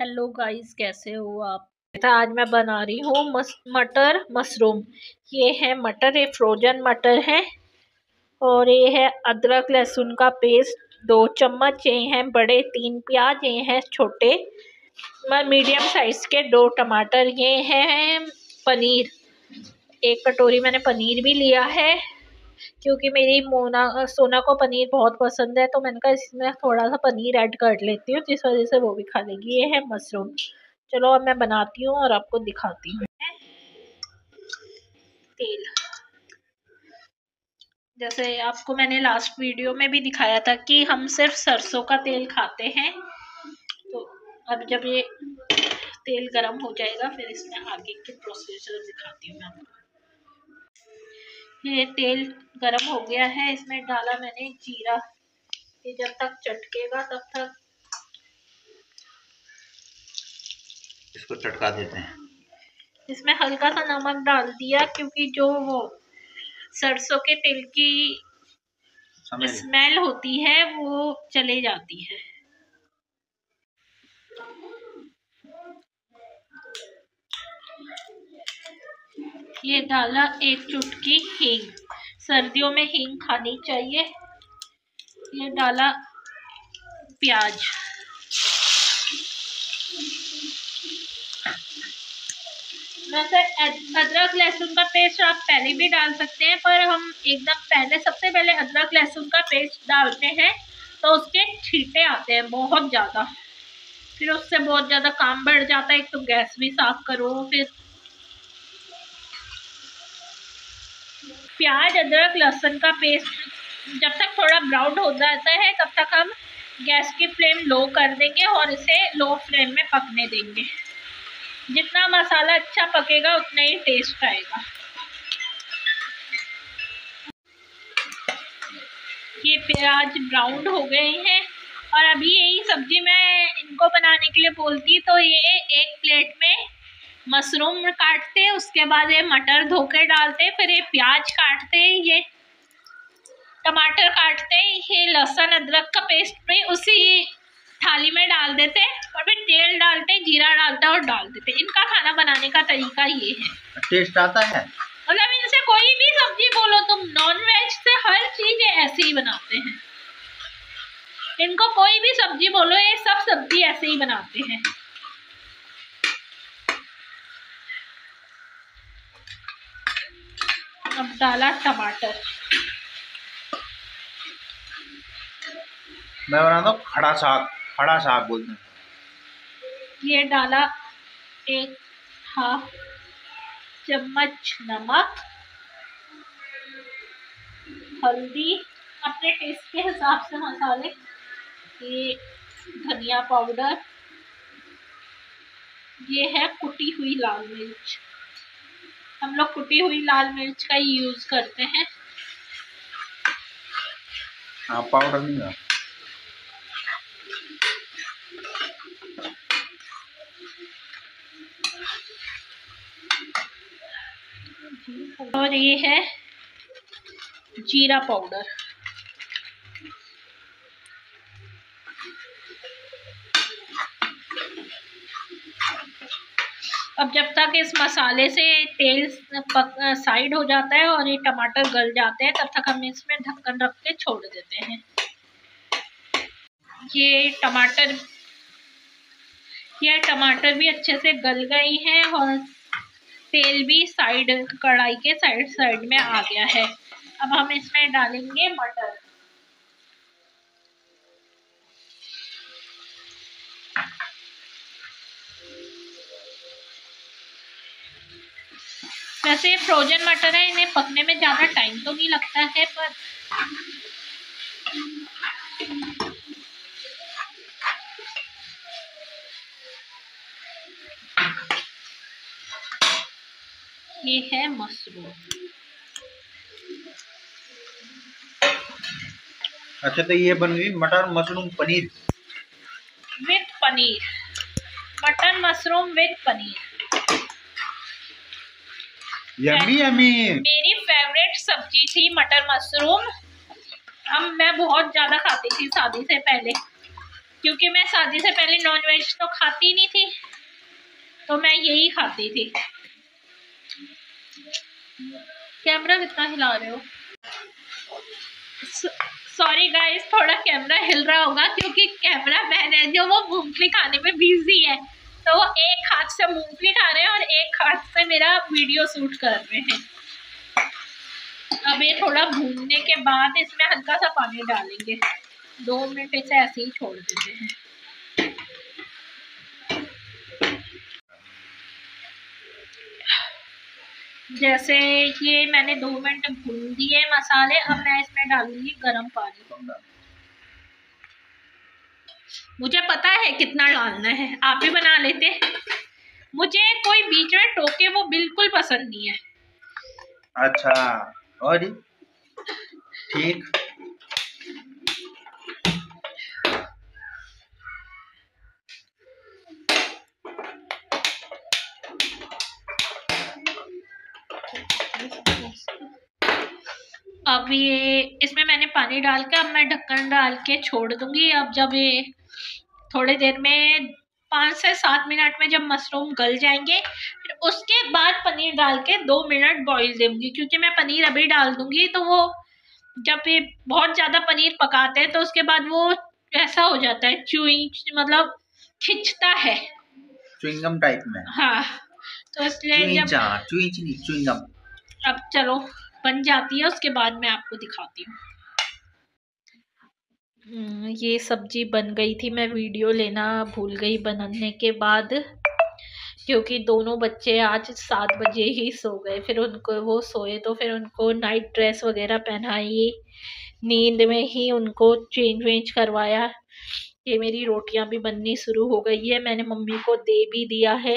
Hello guys कैसे हो आप तो आज मैं बना रही हूँ मस, मटर मशरूम ये है मटर ये फ्रोजन मटर है और ये है अदरक लहसुन का पेस्ट दो चम्मच ये हैं बड़े तीन प्याज ये हैं छोटे मैं मीडियम साइज़ के दो टमाटर ये हैं पनीर एक कटोरी मैंने पनीर भी लिया है क्योंकि मेरी मोना सोना को पनीर बहुत पसंद है तो मैंने कहा इसमें थोड़ा सा पनीर ऐड कर लेती हूँ जिस वजह से वो भी खा लेगी ये है मशरूम चलो अब मैं बनाती हूँ और आपको दिखाती हूँ तेल जैसे आपको मैंने लास्ट वीडियो में भी दिखाया था कि हम सिर्फ सरसों का तेल खाते हैं तो अब जब ये तेल गरम हो जाएगा फिर इसमें आगे के प्रोसीजर दिखाती हूँ मैं आपको ये तेल गरम हो गया है इसमें डाला मैंने जीरा ये जब तक चटकेगा तब तक इसको चटका देते हैं इसमें हल्का सा नमक डाल दिया क्योंकि जो वो सरसों के तेल की स्मेल होती है वो चले जाती है ये डाला एक चुटकी हींग सर्दियों में हींग खानी चाहिए ये डाला प्याज वैसे अदरक लहसुन का पेस्ट आप पहले भी डाल सकते हैं पर हम एकदम पहले सबसे पहले अदरक लहसुन का पेस्ट डालते हैं तो उसके छीटे आते हैं बहुत ज़्यादा फिर उससे बहुत ज़्यादा काम बढ़ जाता है एक तो गैस भी साफ़ करो फिर प्याज अदरक लहसुन का पेस्ट जब तक थोड़ा ब्राउन हो जाता है तब तक हम गैस की फ्लेम लो कर देंगे और इसे लो फ्लेम में पकने देंगे जितना मसाला अच्छा पकेगा उतना ही टेस्ट आएगा ये प्याज ब्राउन हो गए हैं और अभी यही सब्जी मैं इनको बनाने के लिए बोलती तो ये एक प्लेट में मशरूम काटते उसके बाद ये मटर धो के डालते फिर ये प्याज काटते ये टमाटर काटते ये लहसुन अदरक का पेस्ट भी उसी थाली में डाल देते और फिर तेल डालते जीरा डालते और डाल देते इनका खाना बनाने का तरीका ये है टेस्ट आता है मतलब इनसे कोई भी सब्जी बोलो तुम नॉन वेज से हर चीज ऐसे ही बनाते हैं इनको कोई भी सब्जी बोलो ये सब सब्जी ऐसे ही बनाते हैं अब डाला टमाटर मैं बना दो खड़ा साग खड़ा साग बोलते हैं ये डाला एक हाफ चम्मच नमक हल्दी अपने टेस्ट के हिसाब से मसाले ये धनिया पाउडर ये है कुटी हुई लाल मिर्च हम लोग कुटी हुई लाल मिर्च का ही यूज करते हैं आप हाँ, पाउडर नहीं है और ये है जीरा पाउडर अब जब तक इस मसाले से तेल पक, साइड हो जाता है और ये टमाटर गल जाते हैं तब तक हम इसमें ढक्कन रख के छोड़ देते हैं ये टमाटर यह टमाटर भी अच्छे से गल गई हैं और तेल भी साइड कढ़ाई के साइड साइड में आ गया है अब हम इसमें डालेंगे मटर वैसे ये फ्रोजन मटर है इन्हें पकने में ज़्यादा टाइम तो नहीं लगता है पर ये है मशरूम अच्छा तो ये बन गई मटर mushroom paneer with paneer mutton mushroom with paneer yummy yummy मेरी फेवरेट सब्जी थी मटर मशरूम हम मैं बहुत ज़्यादा खाती थी शादी से पहले क्योंकि मैं शादी से पहले नॉन वेज तो खाती नहीं थी तो मैं यही खाती थी कैमरा कितना हिला रहे हो सॉरी गाइस थोड़ा कैमरा हिल रहा होगा क्योंकि कैमरा मैन है जो वो मूंगफली खाने में बिजी है तो एक हाथ से मूंगफली खा रहे हैं और एक हाथ से मेरा वीडियो शूट कर रहे हैं अब ये थोड़ा भूनने के बाद इसमें हल्का सा पानी डालेंगे दो मिनट इसे ऐसे ही छोड़ देते हैं जैसे ये मैंने दो मिनट भून दिए मसाले अब मैं इसमें डालूंगी गरम पानी मुझे पता है कितना डालना है आप ही बना लेते मुझे कोई बीच में टोके वो बिल्कुल पसंद नहीं है अच्छा और ठीक अब ये इसमें मैंने पानी डाल के अब मैं ढक्कन डाल के छोड़ दूंगी अब जब ये थोड़ी देर में पाँच से सात मिनट में जब मशरूम गल जाएंगे फिर उसके बाद पनीर डाल के दो मिनट बॉईल देंगी क्योंकि मैं पनीर अभी डाल दूंगी तो वो जब ये बहुत ज़्यादा पनीर पकाते हैं तो उसके बाद वो ऐसा हो जाता है चुई मतलब खिंचता है चुईंगम टाइप में हाँ तो इसलिए जब चुई अब चलो बन जाती है उसके बाद मैं आपको दिखाती हूँ हम्म, ये सब्जी बन गई थी मैं वीडियो लेना भूल गई बनाने के बाद क्योंकि दोनों बच्चे आज सात बजे ही सो गए फिर उनको वो सोए तो फिर उनको नाइट ड्रेस वगैरह पहनाई नींद में ही उनको चेंज वेंज करवाया ये मेरी रोटियां भी बननी शुरू हो गई है मैंने मम्मी को दे भी दिया है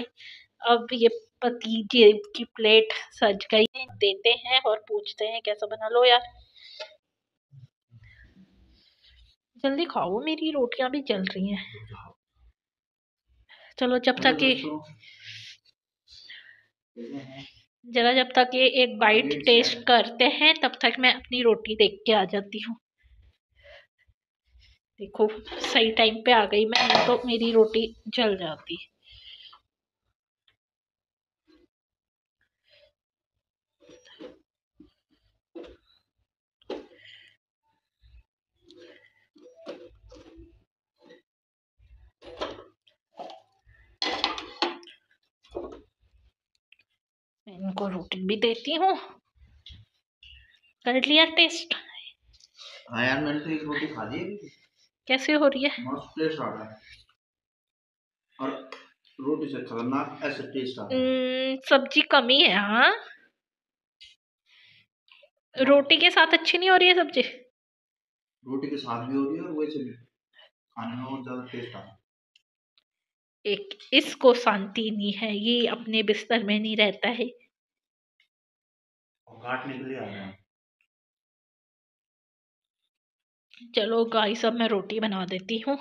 अब ये पतीजे की प्लेट सज गई देते हैं और पूछते हैं कैसा बना लो यार जल्दी खाओ मेरी रोटियां भी जल रही हैं हाँ। चलो जब तक ये जरा जब तक ये एक बाइट टेस्ट करते हैं तब तक मैं अपनी रोटी देख के आ जाती हूँ देखो सही टाइम पे आ गई मैं तो मेरी रोटी जल जाती है इनको रोटी भी देती हूँ कर लिया टेस्ट हाँ यार मैंने तो एक रोटी खा ली कैसे हो रही है मस्त और रोटी से खतरनाक ऐसे टेस्ट आ रहा है हम्म, सब्जी कमी है हाँ रोटी के साथ अच्छी नहीं हो रही है सब्जी रोटी के साथ भी हो रही है और वैसे भी खाने में बहुत ज्यादा टेस्ट आ रहा एक इसको शांति नहीं है ये अपने बिस्तर में नहीं रहता है काटने के लिए आ हैं चलो गाइस अब मैं रोटी बना देती हूँ